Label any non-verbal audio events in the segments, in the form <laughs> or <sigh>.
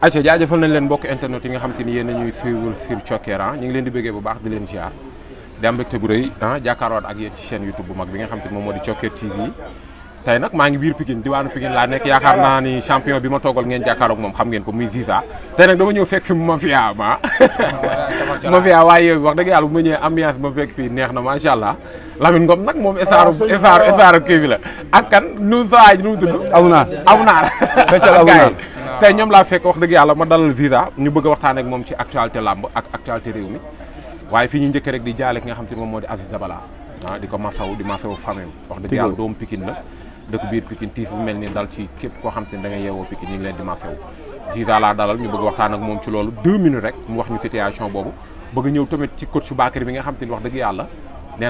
ayca jaajëfal na leen mbokk internet yi nga xam te ni yéen a ñuy suivre sur Thioker ah ñu ngi leen di bëggee bu baax di leen ziar di am mbégte bu rëy ah jàkkaarwaat ak yéen ci chaîne YouTube bu mag bi nga xam te ni moom moo di Thioker TV tey nag maa ngi biir Pikine diwaanu Pikine laa nekk yaakaar naa ni champion bi ma toogal ngeen jàkkaaroog moom xam ngeen ko muy Ziza tey nag dama ñëw fekk fi mafia ma ah. ah, <laughs> mafia waaye wax dëgg yàlla bu ma ñëwee ambiance ma fekk fii neex na macha allah Lamine Ngom nag moom esaaru esaaru esaaru kii bi la ak kan nu sawaaj nu mu tudd aw naar <laughs> tey ñoom laa fekk wax dëgg yàlla ma dalal Ziza ñu bëgg a waxtaan ak moom ci actualité làmb ak actualité réew mi waaye fi ñu njëkk rek di jaale ki nga xam te ne moom moo di Aziz Dabala ah, di ko masaw di masaw famille wax dëgg yàlla doomu Pikine la dëkk biir Pikine tiis bu mel ni dal ci képp koo xam te ne da nga yeewoo Pikine ñu ngi leen di masaw Ziza laa dalal ñu bëgg waxtaan ak moom ci loolu deux minutes rek mu wax ñu situation boobu bëgg ñëw tamit ci coach Bakary bi nga xam te ne wax dëgg yàlla nee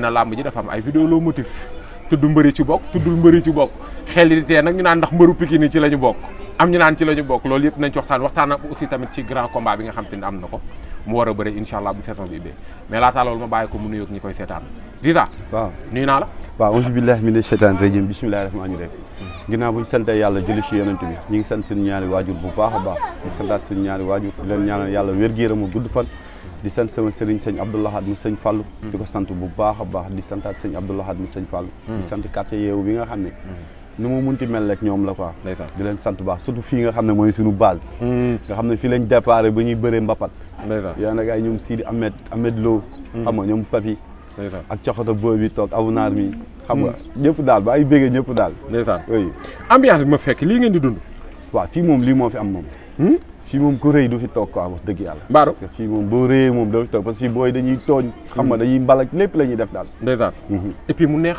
tudd mbëri ci bokk tuddul mbëri ci bokk xel yi tee nag ñu naan ndax mbëru Pikine ci la ñu am ñu naan ci la ñu loolu yëpp nañ ci waxtaan aussi tamit ci grand combat bi nga xam te am na ko mu war a bëre incha allah bu saison bi ubbee mais laata loolu ma bàyyi ko mu nuyoog ñi koy seetaan Ziza waaw nuyu naa la waaw auzu billahi mina sheytaani rajim bismillahi rahmaani rahim ginnaaw bu ñu sante yàlla julli ci yonent bi ñu ngi sant a baax ñu santaat suñu ñaari di sant sama sëriñ sëñ Abdoulahad mu sañ Fallou mm. di sant bu baax a baax di santaat sëñ Abdoulahad mu sëñ Fallou mm. di sant quartier yeewu bi nga xam ne mm. nu mu munti mel rek ñoom la quoi di leen sant baax surtout fii nga xam ne mooy sunu base nga xam ne fii lañ déparé ba ñuy bëree mbapat yaa nag ay ñoom Sidi Ahmed Ahmed Lo xam nga ñoom Papi ak coxota booy bi toog avunaar mi xam nga ñëpp daal ba ay bégee ñëpp daal ndeysaan oui ambiance bi ma fekk lii ngeen di dund waaw fii moom lii moo fi am moom hmm? fii moom ku rëy du fi toog quoi wax dëgg yàlla. mbaaru parce que fii moom boo rëyee moom doo toog parce fii booy dañuy tooñ. xam nga hmm. dañuy mbalak lépp la ñuy def daal. ndeysaan. Hmm. et puis mu neex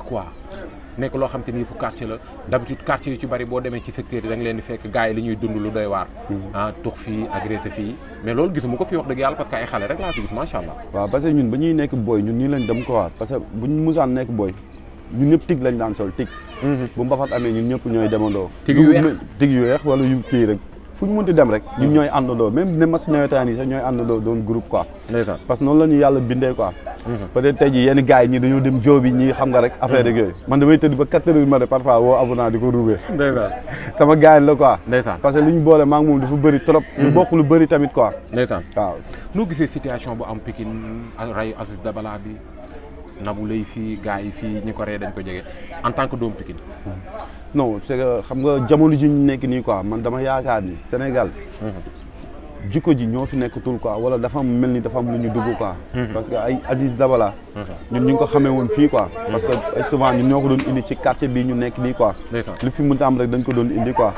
loo xam te ni fu quartier demee ci secteur yi da nga leen fekk gars yi li ñuy dund hmm. ah, loolu gisuma ko fi wax dëgg yàlla parce que ay xale rek laa ci gis macha allah. waaw parce que ñun ba ñuy nekk booy ñun nii lañ dem ko waar parce que musaan nekk booy ñun ñëpp tig lañ daan sol tig. bu mbafat amee ñun ñëpp ñooy demandoo. tig yu weex tig yu weex wala yu kii rek fu ñu munti dem rek ñun hmm. ñooy àndandoo même ne mas nawetaan yi sax ñooy àndandoo doon groupe quoi parce que noonu la ñu yàlla bindee quoi hmm. peut être tey jii yenn gars ñi dañoo dem joobi ñi xam nga rek affaire rek hmm. yooyu man damay tëdd ba quatre heures ma de parfois woo abonaa di ko ruubee <laughs> sama gars la quoi parce que li ñu boole maa ngi moom dafa bëri trop ñu bokk lu bëri tamit quoi noo gisee situation bu am Pikine rayu Aziz Dabala bi Nabou lay fii gars yi fii ñi ko ree dañ ko jege en tant que non c'est que xam nga jamono ji ñu nekk nii quoi man dama yaakaar ni Sénégal jikko ji ñoo fi nekkatul quoi wala dafa am mel ni dafa am lu ñu dugg quoi. Mhm. parce que ay Dabala. Mhm. ñun ñu ko xamee woon fii quoi. Mhm. parce que souvent ñun ñoo ko doon indi ci quartier bii ñu nekk nii quoi. lu fi mënta am rek ko doon indi quoi.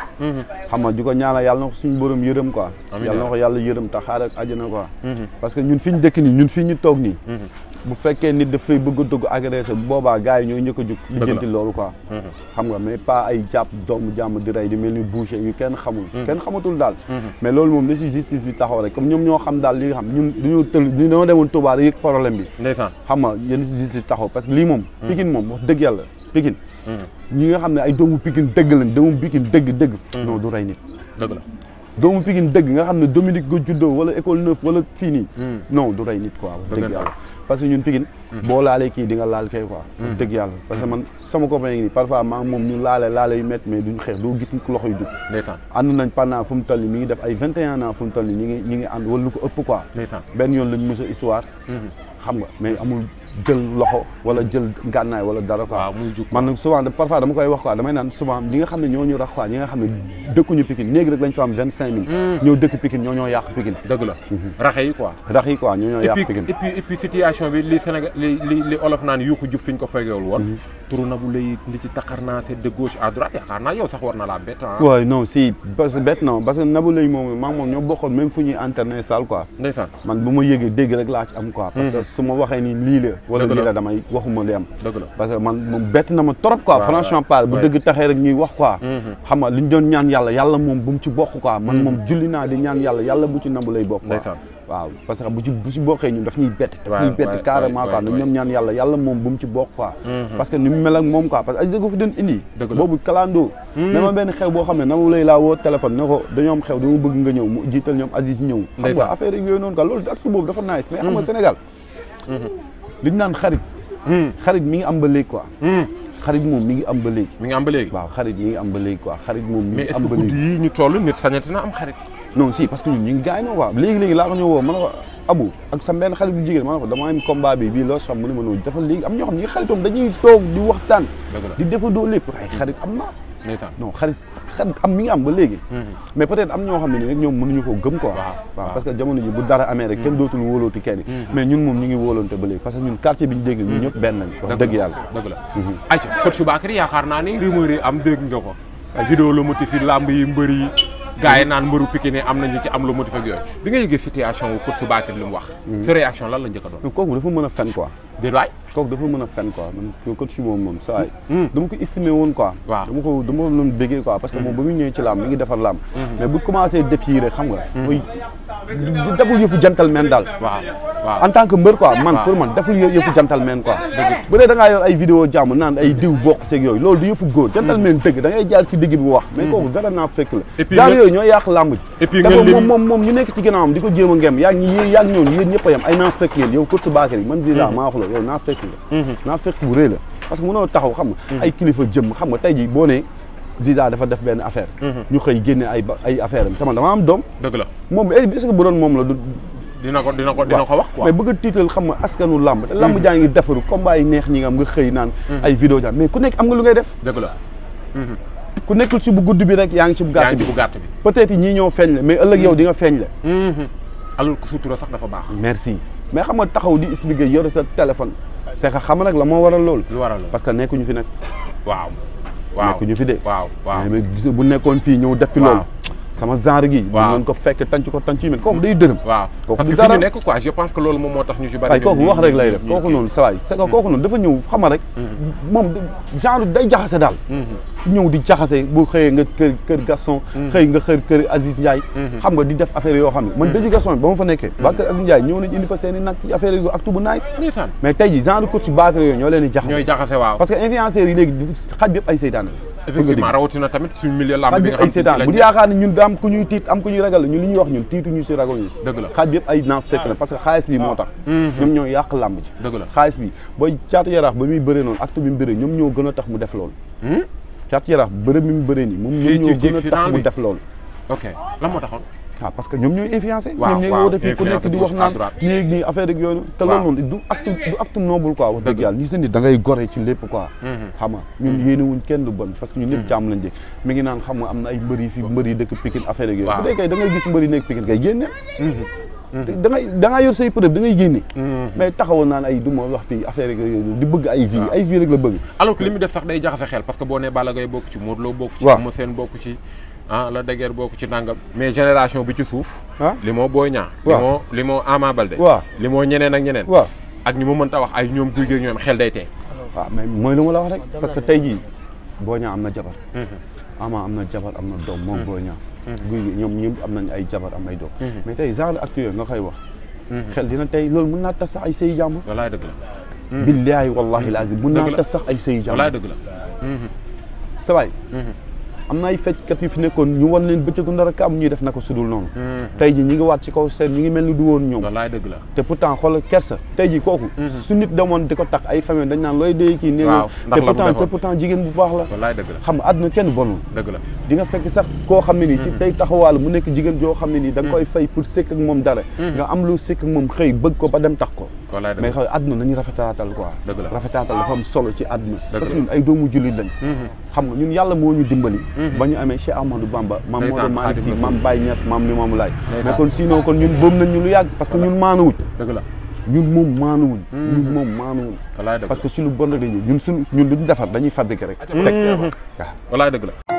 xam nga di ko na ko suñu borom yërëm quoi. yàlla na ko yàlla yërëm te xaar ak àjjana quoi. parce que ñun fi ñu dëkk ñun fii ñu toog nii. bu fekkee nit dafay bëgg a dugg agressé bu boobaa gars yi ñooy njëkk a di rey di mel ni boucher yu da justice bi taxaw rek comme ñoom xam daal li nga xam ñun duñu tël ñu dama demoon bi ndeysaan xam nga yéen justice bi taxaw parce que lii moom hmm. Pikine moom wax dëgg yàlla Pikine hmm. ñi xam ne ay doomu Pikine dëgg lañ doomu Pikine dëgg dëgg hmm. non du rey nit la doomu Pikine deug nga xam Dominique go juddo wala école neuf wala fini hmm. non du ray nit quoi. dëgg yàlla parce que ñun Pikine. Hmm. bo laalé ki di nga laal kay quoi. Hmm. deug yalla parce que man sama copain ni parfois ma mom ñu laalé laalé yu met mais duñ xex do gis loxo yu du ndeysaan ànd nañ pendant fu mu toll nii mi ngi def ay 21 ans fu mu toll nii ñu ngi ñu ngi ànd wala lu ko ëpp quoi. ben yoon lañ mës a histoire. xam nga mais amul. jël loxo wala jël gànnaay wala dara quoi man nag souvent parfois dama koy wax quoi am vingt cinq mille hmm. ñëw dëkk Pikine ñoo ñoo ko fegeewul woon mhm. turu na bu lay li na laa bett waaw ah. non si moom maa moom ñoo bokkoon même fu ñuy internet salle quoi man bu ma yëgee dégg rek laa ci am quoi hmm. parce que ma waxee ni lii la wala lii la damay waxuma li am parce que man moom bett na ma trop quoi franchement parle bu dëgg taxee rek wax quoi mhm. xam nga li ñu doon ñaan yàlla yàlla moom bu ci bokk quoi man mhm. naa di ñaan yàlla yàlla bu ci nambu lay bokk quoi waaw parce que bu ci bu ci bokkee ñun ni mu moom quoi parce que Aziz ko fi indi boobu kalandoo mhm. dama benn xew boo xam ne na ma lay laa woo téléphone ne ko dañoom xew dama bëgg nga ñëw mu jiital ñoom Aziz ñëw xam nga affaire yooyu noonu loolu acte boobu dafa nice mais xam nga li ñu naan xarit. Hmm. xarit mi ngi am ba léegi quoi. Hmm. xarit moom mi ngi am ba léegi. mi ngi am ba léegi waaw xarit mi ngi am ba léegi quoi xarit moom. mi ngi am ñu toll nit sañati am xarit. non parce que ñun ngi gaañ na waaw léegi laa ko ñu woo ma ne ko abu ak sa benn xarit bu jigéen ma ne ko damaa am bi bii loo xam mu ne ma noonu dafa léegi am ñoo xam ne xaritoom dañuy toog di waxtaan. di defandoo lépp ay xarit am non xarit xarit am mi ngi am ba léegi mhm. mais peut am ñoo xam ne ni rek ñoom mënuñu koo gëm quoi waaw parce que jamono ji bu dara amee rek kenn mhm. dootul wóolooti kenn mhm. mais ñun moom ñu ngi wóolante ba léegi parce que ñun quartier ñu dégg ñun ñëpp benn lañ wax la ayca ci bi nga yëgee situation wu coach Bakary li wax sa réaction lan la njëkk a doon kooku dafa mën a fen quoi déet dafa mën a fen quoi man coach hmm. ko man pour man deful yëfu gentleman quoi bu dee da ngaa ay vidéo jàmm naan ay diw bokk seeg yooyu loolu du yëfu góor gentleman dëgg da ngay jaar ci digg wax mais hmm. ko jéem a ngem yaa ngi ñi yéen yaa ngi ñëw yéen a yem ay nga yow naa fekk nga mhm. naa fekk bu rëy la parce que mënoo taxaw xam nga mhm. ay kilifa jëm xam nga tey jii boo nee Ziza dafa def benn affaire mhm. ñu xëy génne ay affaire am sama dama am doom dëgg la moom eh, bu doon bëgg a tiital xam nga askanu làmb làmb jaa ngi defaru combat yi neex ñi nga am nga xëy naan ay vidéo jaa mais ku nekk am nga lu ngay def dëgg la ku nekkul si bu gudd bi rek yaa ngi si bu gàtt bi peut-être ñoo feeñ la mais ëllëg yow di nga feeñ la alul ko mais xam nga taxaw di expliquer yore sa téléphone. c'est que xam rek la moo waral loolu. lu waral parce que nekkuñu fi nag. waaw. waaw nekkuñu fi de. waaw waaw mais bu nekkoon fii ñëw def fi loolu. sama genre gi waaw mën ko fekk tanc ko tanc yu mel kooku day dërëm waaw parce que fi moo tax ñu rek lay def kooku noonu sawaay c'est que kooku dafa ñëw xama rek mm-hmm. moom genre day jaxase daal mm-hmm. ñëw di jaxase bu xëyee nga kër kër mm-hmm. Gaston xëy nga xër kër Aziz Ndiaye xam nga di def affaire yoo xam ne man Gaston ba ma fa nekkee waa kër Aziz Ndiaye ñëw nañ indi fa seen i nag affaire yu ak tubu naay mais tey ji genre coach baakar yooyu ñoo leen di jaxase ñooy jaxase waaw parce que influenceurs yi léegi xaj ay seytaane effectivement rawatina tamit suñu milieu lamb bi nga xam bu ñu yaakaar ñun daam ku ñuy tiit am ku ñuy ragal ñun li wax ñun tiitu ñu si ragal ñu si dëgg la xaaj bi yëpp ay naaf fekk na ah. parce que xaalis bi moo tax mm-hmm. ñoom ñoo yàq lamb ji dëgg la booy caatu yaraax ba muy bëree noonu acte bi mu ñoom ñoo gën a tax mu def loolu hmm? caatu yaraax bëre bi mu bëree nii ñoo gën a tax mu def loolu moo taxoon waaw ah, parce que ñoom ñooy influencé ñoom ñooy woote fii ku di wax naan nii nii affaire ak yooyu te loolu noonu du acte du acte wax dëgg yàlla ñi seen di da ngay gore ci lépp quoi mm-hmm. xam nga ñun mm-hmm. yéene mm-hmm. na ay mbër yi fi mbër yi dëkk Pikine affaire ak yooyu bu nekk Pikine kay génne da yor say preuve da ngay génne mais taxawoon naan ay du ma wax fii affaire ak di bëgg ay vie rek la bëgg alors que li mu def sax day jaxase xel parce que boo nee Balla Gaye bokk ci Modou Lo bokk ci Eumeu Sène ah la de guerre ci nangam. mais génération bi ci suuf. Ah. li moo Boy Niang. li li moo Ama Baldé. waaw li moo ñeneen ak ñeneen. waaw ak ñu mu mënta wax ay ñoom guy geeg ñoom xel day tee. waaw mais mooy lu ma la parce que tey jii Boy Niang am na jabar. Mhm. Ama am na jabar am na doom moom mhm. Boy Niang. Mhm. guy gi ñoom ñëpp am nañ ay jabar am ay doom. mais te genre acte yooyu nga koy wax. xel dina tey loolu mun naa tas sax ay sëy jàmbur. walaay dëgg la. billaahi wallaahi laazim. dëgg la naa tas sax ay sëy jàmbur. walaay dëgg am na ay fecckat yu fi nekkoon ñu wan leen bëccëgu ndara ka am ñuy def naka sudul noonu mm-hmm. tey ji ñi ngi waat ci kaw seen ñi ngi mel ni du woon ñoom wallaay dëgg la te pourtant xoolal kersa tey ji kooku mm-hmm. su nit demoon di ko tax ay famille dañ naan looy dee kii nee te pourtant jigéen bu baax la wallaay dëgg la xam nga àdduna kenn bonul dëgg la di nga fekk sax koo xam ne nii ci mm-hmm. tey taxawaal mu nekk jigéen joo xam ne nii da nga koy fay pour sekk ak moom dara nga am lu sekk ak moom xëy bëgg ko ba dem tax ko mais xaw àdduna nañu rafetaatal quoi rafetaatal dafa am solo ci àdduna parce que ay doomu jullit lañ xam nga ñun yàlla moo ñu dimbali mhm. ba ñu amee Cheikh Ahmadou Bamba maam Maodo Malick Sy maam Baye Niass maam Limamou Laye mais kon sinon kon ñun boom nañ ñu lu yàgg parce que ñun maanuwuñ dëgg la ñun moom maanuwuñ mhm. ñun moom maanuwuñ parce que si lu bon rek la ñun suñ ñun duñ defar dañuy fabriquer rek teg waaw walaay dëgg la